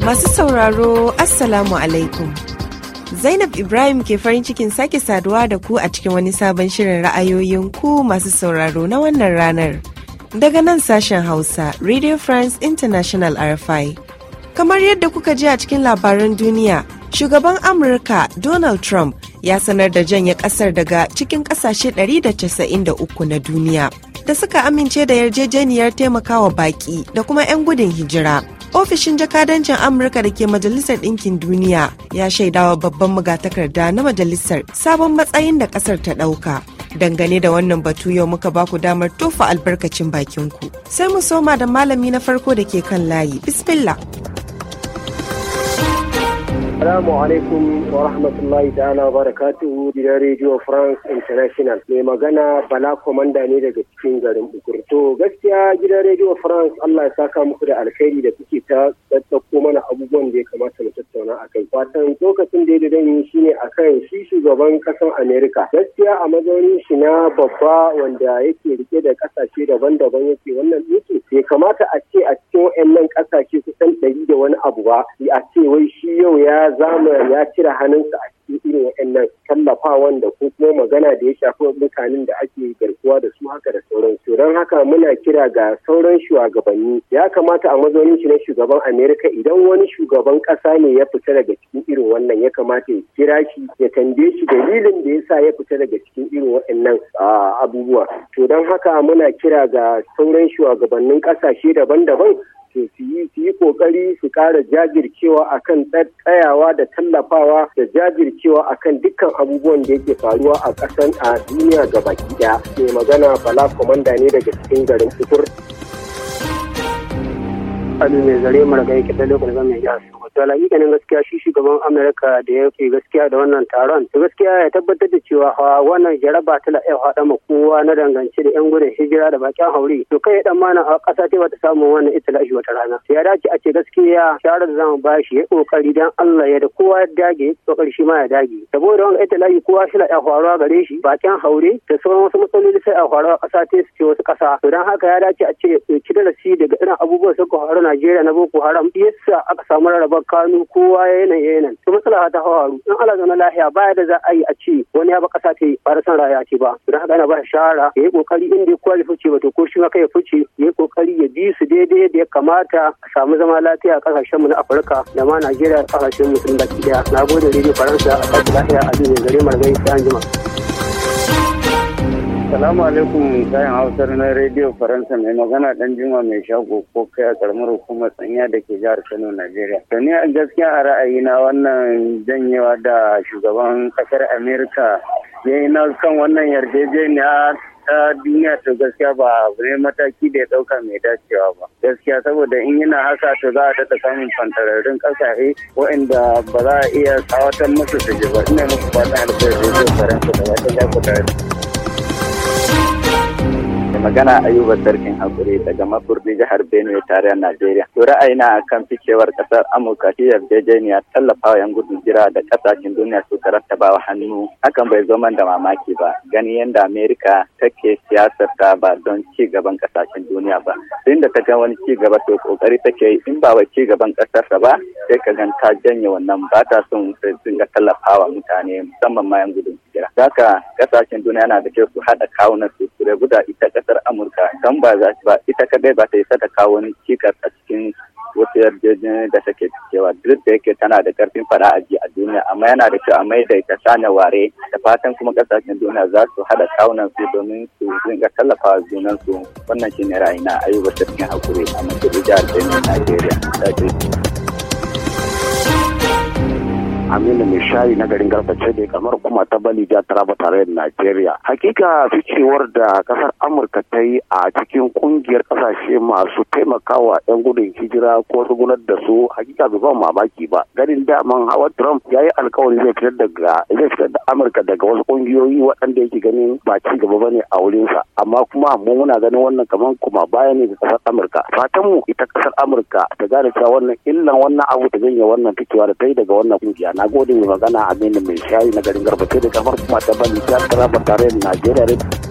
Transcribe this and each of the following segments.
Masu sauraro, Assalamu alaikum. Zainab Ibrahim ke farin cikin sake saduwa da ku a cikin wani sabon shirin ra'ayoyin ku masu sauraro na wannan ranar. Daga nan sashen Hausa, Radio France International RFI. Kamar yadda kuka ji a cikin labaran duniya, shugaban Amurka Donald Trump ya sanar da janye kasar daga cikin kasashe 193 na duniya da suka amince da yarjejeniyar taimakawa baki da kuma 'yan gudun hijira. Ofishin jakadancin Amurka da ke Majalisar Ɗinkin Duniya ya shaidawa babban magatakarda na majalisar sabon matsayin da ƙasar ta ɗauka. Dangane da wannan batu yau muka ba ku damar tofa albarkacin bakinku. Sai mu soma da malami na farko da ke kan layi. Bismillah. Assalamu alaikum wa rahmatullahi ta'ala wa barakatuhu gidan Radio France International. Mai magana Bala Komanda ne daga cikin garin Bukur. To gaskiya gidan Radio France Allah ya saka muku da alkhairi da kuke ta tsaddako mana abubuwan da ya kamata mu tattauna a kai. Watan lokacin da ya da yi shine akan shi shugaban ƙasar Amerika. Gaskiya a mazaunin shi na babba wanda yake rike da kasashe daban-daban yake wannan yake Ya kamata a ce a cikin wayannan kasashe kusan ɗari da wani abu ba. A ce wai shi yau ya zama ya cire hannunsa a cikin irin waɗannan tallafawan da ko kuma magana da ya shafi mutanen da ake garkuwa da su haka da sauran su don haka muna kira ga sauran shugabanni ya kamata a mazaunin shi na shugaban amerika idan wani shugaban kasa ne ya fita daga cikin irin wannan ya kamata ya kira shi ya tambaye shi dalilin da yasa ya fita daga cikin irin waɗannan abubuwa to don haka muna kira ga sauran shugabannin kasashe daban-daban to su yi su kokari su ƙara jajircewa akan tsayawa da tallafawa da jajircewa akan dukkan abubuwan da yake faruwa a ƙasan a duniya gabaki ɗaya. Mai magana Bala Komanda ne daga cikin garin kufur ali mai zare mara gai kitan lokacin zama ya to alhaƙiƙanin gaskiya shi shugaban amurka da fi gaskiya da wannan taron Da gaskiya ya tabbatar da cewa wannan jaraba ta la'ayyar haɗa ma kowa na dangance da yan gudun hijira da bakin haure to kai dan mana a ƙasa ce bata samu wannan itilashi wata rana ya dace a ce gaskiya shawarar da zamu ba shi ya kokari dan Allah ya da kowa ya dage kokari shi ma ya dage saboda wannan itilashi kowa shi la'ayyar faruwa gare shi bakin haure da sauran wasu matsaloli sai a faruwa ƙasa ce su ce wasu ƙasa to dan haka ya dace a ce ya ɗauki darasi daga irin abubuwan suka faru na Najeriya na Boko Haram yasa aka samu rarraba kanu kowa yayin yayin to maslaha ta hawaru in Allah zama lahiya baya da za a yi a ce wani ya ba kasa ta ba da san raya ce ba don haka ana ba shahara ya yi kokari inda ya fice ba to ko shi ma kai ya fice ya yi kokari ya bi su daidai da ya kamata a samu zama lafiya a kasashen mu na Afirka da ma Najeriya kasashen sun baki daya na gode rediyo Faransa a kasashen lahiya a duniya gare margai sai anjima. Salamu alaikum kayan hausar na rediyo Faransa mai magana dan juma mai shago ko kai a karamar hukumar tsanya da ke jihar Kano Najeriya. To ni a gaskiya a ra'ayina wannan janyewa da shugaban kasar Amerika ya yi na kan wannan yarjejeniya ta duniya to gaskiya ba ne mataki da ya dauka mai dacewa ba. Gaskiya saboda in yana haka to za a daɗa samun fantararrun ƙasashe waɗanda ba za a iya tsawatar musu su ji ba. Ina ba ta alfahari rediyo Faransa da wata lafiya. magana ayuba sarkin hakuri daga mafurdi jihar benue a najeriya to ra'ayina akan ficewar kasar amurka shi yarjejeniya tallafawa yan gudun jira da kasashen duniya suka rattabawa hannu hakan bai zo man da mamaki ba gani yadda amerika take siyasar ta ba don ci gaban kasashen duniya ba tun da ta ga wani ci gaba to kokari take yi in ba wai ci gaban kasar ba sai ka gan ta janye wannan ba ta son dinga tallafawa mutane musamman ma yan gudun kira kasashen duniya na da kyau su haɗa kawunan su su rabu ita kasar amurka don ba za ba ita kadai ba ta isa da kawo cikas a cikin wasu yarjejeniyar da take cewa duk da yake tana da karfin fada a a duniya amma yana da kyau a mai da ita sanya ware da fatan kuma kasashen duniya za su haɗa kawunan su domin su dinga tallafa junan su wannan ne ra'ayi na ayyuka cikin hakuri a Majalisa Aljihar Najeriya. aminu mai na garin Garba garbace da kamar kuma ta bali ja taraba tarayyar najeriya hakika ficewar da kasar amurka ta yi a cikin kungiyar kasashe masu taimakawa yan gudun hijira ko da su hakika bai ban mamaki ba ganin daman hawa trump ya yi alkawari zai fitar daga zai fitar da amurka daga wasu kungiyoyi waɗanda yake ganin ba ci gaba bane a wurinsa amma kuma mu muna ganin wannan kamar kuma baya ne ga kasar amurka fatan ita kasar amurka ta gane cewa wannan illan wannan abu ta janye wannan fitowa da ta yi daga wannan kungiya na na gode magana aminu mai shayi na garin garbace da kamar kuma ta bani ta ba tare da najeriya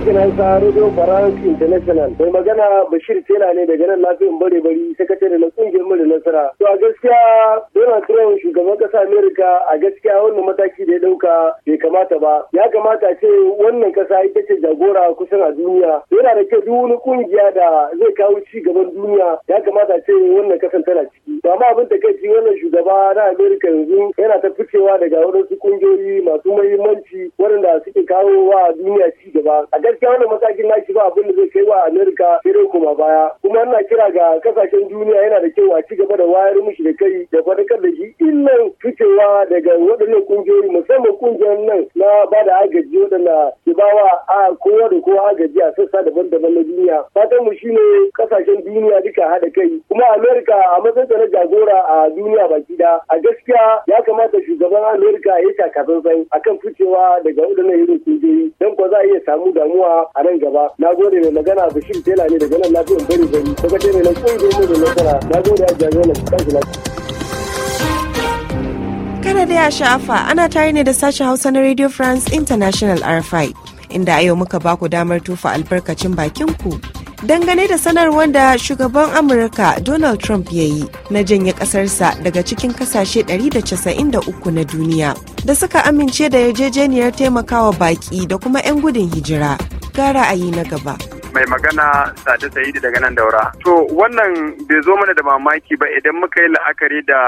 sashen Hausa Radio France International. Mai magana Bashir Tela ne daga nan lafiyan bare bari sakatare na kungiyar mu nasara. To a gaskiya Donald Trump shugaban kasa Amerika a gaskiya wannan mataki da ya dauka bai kamata ba. Ya kamata ce wannan kasa ita ce jagora kusan a duniya. Yana da kyau duk wani kungiya da zai kawo ci gaban duniya ya kamata ce wannan kasan tana ciki. To amma abin takaici wannan shugaba na Amerika yanzu yana ta ficewa daga wadansu kungiyoyi masu muhimmanci waɗanda suke kawo wa duniya ci gaba. A gaskiya wannan matakin na shi ba abin da zai kai wa Amerika sai kuma baya kuma ina kira ga kasashen duniya yana da kyau a ci gaba da wayar mishi da kai da faɗakar da shi illan fitowa daga waɗannan ƙungiyoyi musamman ƙungiyar nan na ba da agaji waɗanda ke ba wa a kowa da kowa agaji a sassa daban-daban na duniya fatan mu shine kasashen duniya duka haɗa kai kuma amerika a matsayin na jagora a duniya baki da a gaskiya ya kamata shugaban amerika ya taka a akan ficewa daga waɗannan irin ƙungiyoyi don ko za a iya samu damuwa a nan gaba na gode mai magana bashir tela ne daga nan lafiyan bari bari daga tela na ƙungiyoyi da nasara na gode a jami'an da Kana da ya sha'afa ana tare ne da sashen Hausa na Radio France International RFI inda a yau muka baku damar tufa albarkacin bakin ku. Dangane da sanarwar da shugaban Amurka Donald Trump ya yi na janye ƙasarsa daga cikin kasashe 193 na duniya da suka amince da yarjejeniyar taimakawa baki da kuma 'yan gudun hijira. gara a yi na gaba. mai magana Sade Saidi daga nan daura. To wannan bai zo mana da mamaki ba idan muka yi la'akari da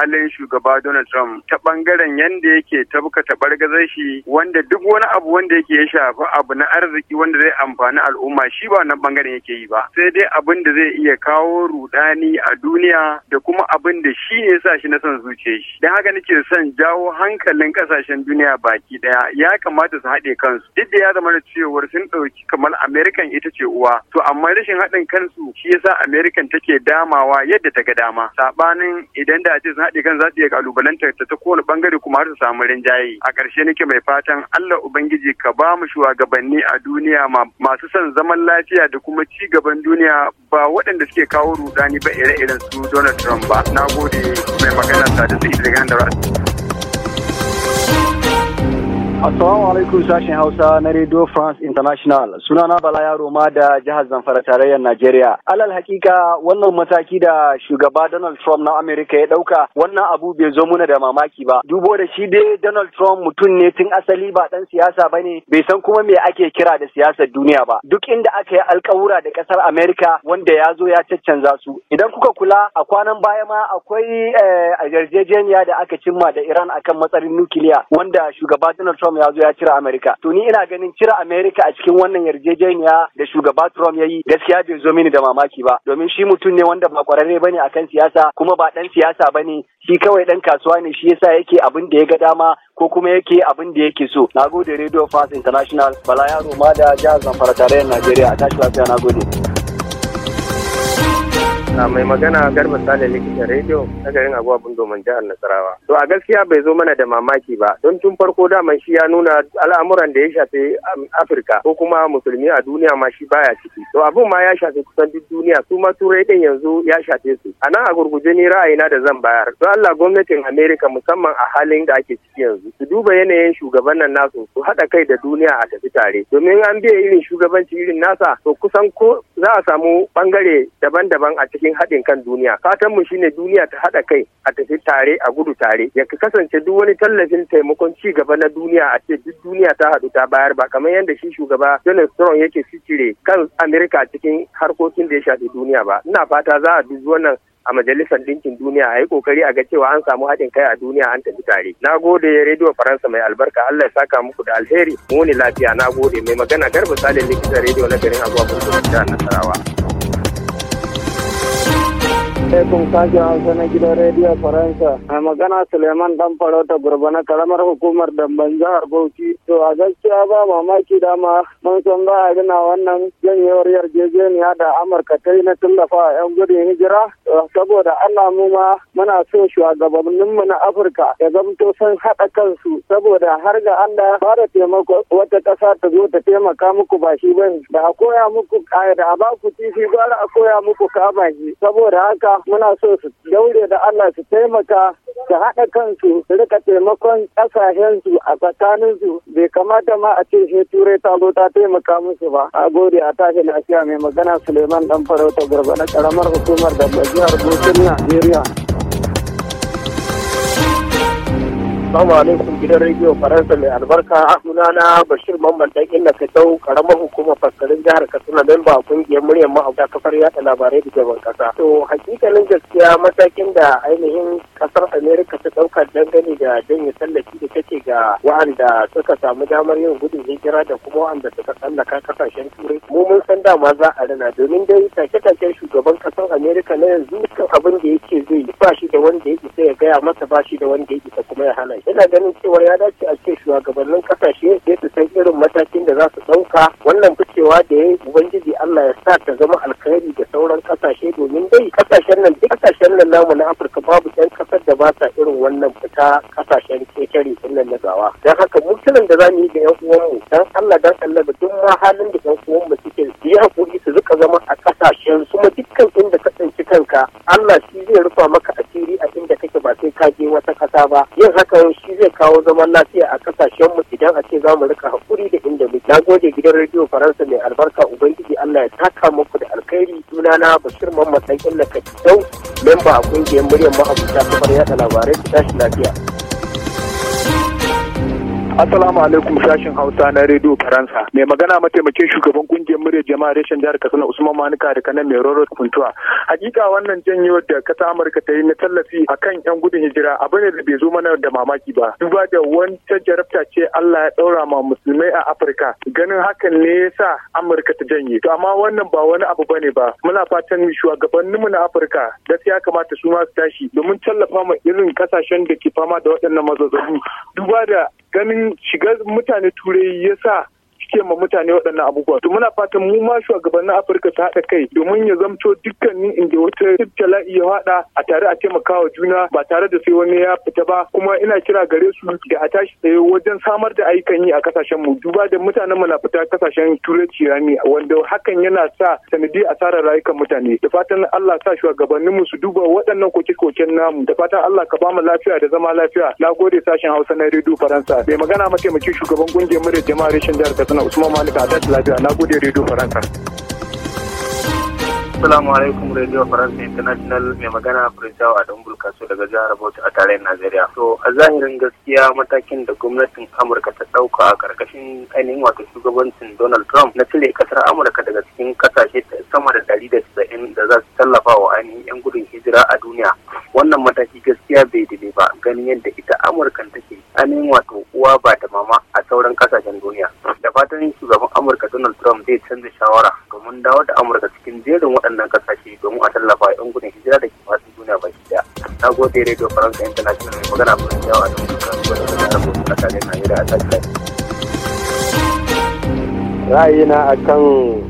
halin shugaba Donald Trump ta bangaren yadda yake tabka tabargazar shi wanda duk wani abu wanda yake ya shafi abu na arziki wanda zai amfani al'umma shi ba nan bangaren yake yi ba. Sai dai abin da zai iya kawo rudani a duniya da kuma abin da shi ne sa shi na son zuciya shi. dan haka nake son jawo hankalin kasashen duniya baki daya ya kamata su haɗe kansu. Duk da ya zama da cewar sun ɗauki kamar Amerikan ita uwa to amma rashin haɗin kansu shi yasa american take damawa yadda ta ga dama sabanin idan da ce sun haɗe kan za su iya kalubalantar ta ta kowane bangare kuma har su samu rinjaye a ƙarshe nake mai fatan Allah ubangiji ka ba mu shugabanni a duniya masu son zaman lafiya da kuma ci gaban duniya ba waɗanda suke kawo rudani ba ire-iren su Donald Trump ba na gode mai magana ta da su Assalamu alaikum sashen Hausa na Radio France International. Sunana Bala Yaro ma da jihar Zamfara tarayyar Najeriya. Alal hakika wannan mataki da shugaba Donald Trump na Amerika ya dauka wannan abu bai zo muna da mamaki ba. Dubo da shi dai Donald Trump mutum ne tun asali ba dan siyasa bane, bai san kuma me ake kira da siyasar duniya ba. Duk inda aka yi alkawura da kasar Amerika wanda ya zo ya caccanza su. Idan kuka kula a kwanan baya ma akwai eh, yarjejeniya da aka cimma da Iran akan matsarin nukiliya wanda shugaba Donald Trump Trump ya zo ya cire Amerika. To ni ina ganin cire Amerika a cikin wannan yarjejeniya da shugaba Trump ya yi gaskiya bai zo mini da mamaki ba domin shi mutum ne wanda ba kwararre bane akan siyasa kuma ba dan siyasa ba ne shi kawai dan kasuwa ne shi yasa yake abin da ya ga dama ko kuma yake abin da yake so. Nagode Radio Fast International Bala Yaro Mada da jihar Zamfara tarayyar Najeriya a tashi lafiya nagode. mai magana garba sale likitan rediyo na garin agwabun domin jihar nasarawa to a gaskiya bai zo mana da mamaki ba don tun farko daman shi ya nuna al'amuran da ya shafi um, afirka ko kuma musulmi a duniya ma shi baya ciki to abun ma ya shafi kusan duk duniya su ma turai din yanzu ya shafe su a nan a gurguje ni ra'ayina da zan bayar don allah gwamnatin america musamman a halin da ake ciki yanzu su duba yanayin shugaban nan nasu su haɗa kai da duniya a tafi tare domin an biya irin shugabanci irin nasa to kusan ko za a samu bangare daban-daban a cikin domin haɗin kan duniya fatan mu shine duniya ta haɗa kai a tafi tare a gudu tare ya kasance duk wani tallafin taimakon ci gaba na duniya a ce duk duniya ta haɗu ta bayar ba kamar yadda shi shugaba Donald Trump yake sicire kan Amerika cikin harkokin da ya shafi duniya ba ina fata za a dubi wannan a majalisar ɗinkin duniya a yi kokari a ga cewa an samu haɗin kai a duniya an tafi tare na gode rediyo faransa mai albarka allah ya saka muku da alheri mu ne lafiya na gode mai magana garba salin likitan rediyo na garin agwa jihar nasarawa alaikum sashen hausa na gidan rediyo faransa a magana suleiman dan farauta gurba na karamar hukumar damban jihar bauchi to a gaskiya ba mamaki dama mun san ba a gina wannan janyewar yarjejeniya da amurka ta yi na tallafa a yan gudun hijira saboda allah mu ma muna so mu na afirka ya zamto sun haɗa kansu saboda har ga allah ba da taimako wata ƙasa ta zo ta taimaka muku ba shi bane da a koya muku da a ba ku titi gwara a koya muku kama shi saboda haka muna so su daure da Allah su taimaka su haɗa kansu su rika taimakon ƙasashensu a tsakaninsu bai kamata ma a ce shi turai ta zo ta taimaka musu ba a gode a tashi lafiya mai magana suleiman dan farauta garba na ƙaramar hukumar da jihar bukina najeriya Assalamu alaikum gidan rediyo Faransa mai albarka sunana Bashir Mamman dan inna ka dau karamar hukumar fasalin jihar Katsina memba ba kungiyar muryar ma'aikata kafar yada labarai da gaban kasa. To hakikalin gaskiya matakin da ainihin kasar Amerika ta dauka dangane da janye tallafi da take ga wa'anda suka samu damar yin gudun hijira da kuma wa'anda suka tsallaka kasashen turai. Mu mun san dama za a rana domin dai take take shugaban kasar Amerika na yanzu kan abin da yake zai yi ba shi da wanda ya sai ya gaya masa ba shi da wanda ya kuma ya hana ina ganin cewa ya dace a ce shugabannin kasashe sai su san irin matakin da za su ɗauka wannan ficewa da ya yi ubangiji Allah ya sa ta zama alkhairi da sauran kasashe domin dai kasashen nan duk kasashen nan namu na Afirka babu ɗan kasar da ba sa irin wannan fita kasashen kekere. din nan na gawa don haka mutunan da za mu yi da ƴan uwanmu dan Allah dan Allah da duk ma halin da ƴan uwanmu suke yi hakuri su zuka zama a kasashen kuma dukkan inda ka tsinci kanka Allah shi zai rufa maka asiri kake ba sai ka je wata kasa ba yin haka shi zai kawo zaman lafiya a kasashen mu idan a ce za mu rika hakuri da inda muke na gode gidan rediyo faransa mai albarka ubangiji Allah ya taka muku da alkhairi na Bashir Muhammad dan Illa Kadau memba a kungiyar muryar ma'abuta kamar yada labarai ta tashi lafiya Assalamu alaikum sashen Hausa na Radio Faransa. Mai magana mataimakin shugaban kungiyar murya jama'a reshen jihar Katsina Usman Manuka da kanan mai Roro Kuntuwa. Hakika wannan janyo da kasa Amurka ta yi na tallafi kan yan gudun hijira abu ne da bai zo mana da mamaki ba. Duba da wancan jarabta ce Allah ya ɗaura ma musulmai a Afirka. Ganin hakan ne ya sa Amurka ta janye. To amma wannan ba wani abu ba ne ba. Muna fatan shugabanninmu na Afirka da ya kamata su ma su tashi domin tallafa ma irin kasashen da ke fama da waɗannan mazazzabu. Duba da ganin shigar mutane turai ya sa suke ma mutane waɗannan abubuwa to muna fatan mu ma shugabannin afirka su haɗa kai domin ya zamto dukkanin inda wata tattala ya haɗa a tare a taimaka wa juna ba tare da sai wani ya fita ba kuma ina kira gare su da a tashi tsaye wajen samar da ayyukan yi a kasashen mu duba da mutanen mu na fita kasashen turai ne wanda hakan yana sa sanadi asarar rayukan mutane da fatan Allah sa shugabannin mu su duba waɗannan koke-koken namu da fatan Allah ka ba mu lafiya da zama lafiya na gode sashen Hausa na Radio Faransa bai magana mataimakin shugaban kungiyar da jama'a reshen jihar Katsina magana Usman Malik a lafiya na gode Radio Faransa. Assalamu alaikum Radio faransa International mai magana Furisawa a Dambul Kaso daga jihar Bauchi a tarayyar Najeriya. To a zahirin gaskiya matakin da gwamnatin Amurka ta ɗauka a ƙarƙashin ainihin wato shugabancin Donald Trump na cire ƙasar Amurka daga cikin ƙasashe sama da ɗari da casa'in da za su tallafa wa ainihin 'yan gudun hijira a duniya. Wannan mataki gaskiya bai daidai ba ganin yadda ita Amurkan take ainihin wato uwa ba da mama a sauran ƙasashen duniya. da fatan shugaban amurka donald trump zai canza shawara domin dawo da amurka cikin jerin waɗannan kasashe domin a tallafa yan gudun hijira da ke fasin duniya ba shi daya na gode radio faransa international mai magana shi yawa da kuma da kasashen najeriya a ra'ayina akan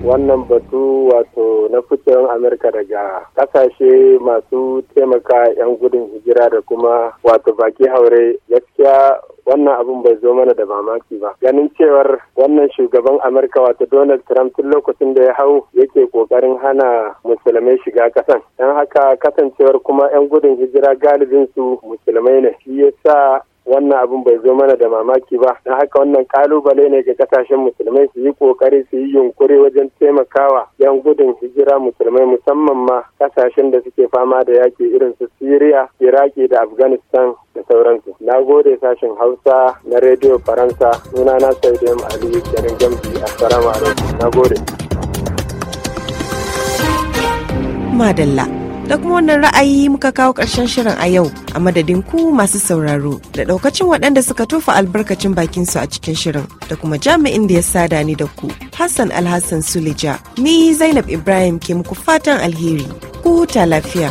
wannan batu wato na fitowar amurka daga kasashe masu taimaka 'yan gudun hijira da kuma wato baki haure gaskiya wannan abun bai zo mana da mamaki ba ganin cewar wannan shugaban amurka wato donald trump tun lokacin da ya hau yake kokarin hana musulmai shiga kasan don haka kasancewar kuma 'yan gudun hijira galibin su musulmai ne shi ya sa. wannan abin bai zo mana da mamaki ba don haka wannan kalubale ne ga kasashen musulmai su yi kokari su yi yunkuri wajen taimakawa yan gudun hijira musulmai musamman ma kasashen da suke fama da yaki irin su siriya iraki da afghanistan da sauransu na gode sashen hausa na rediyo faransa nuna na saidiyam ali garin gamji assalamu alaikum na gode madalla da kuma wannan ra'ayi muka kawo ƙarshen shirin a yau a madadin ku masu sauraro da ɗaukacin waɗanda suka tofa albarkacin bakin su a cikin shirin da kuma jami'in da ya sada ni da ku Hassan Alhassan Suleja ni Zainab Ibrahim ke muku fatan alheri ku ta lafiya.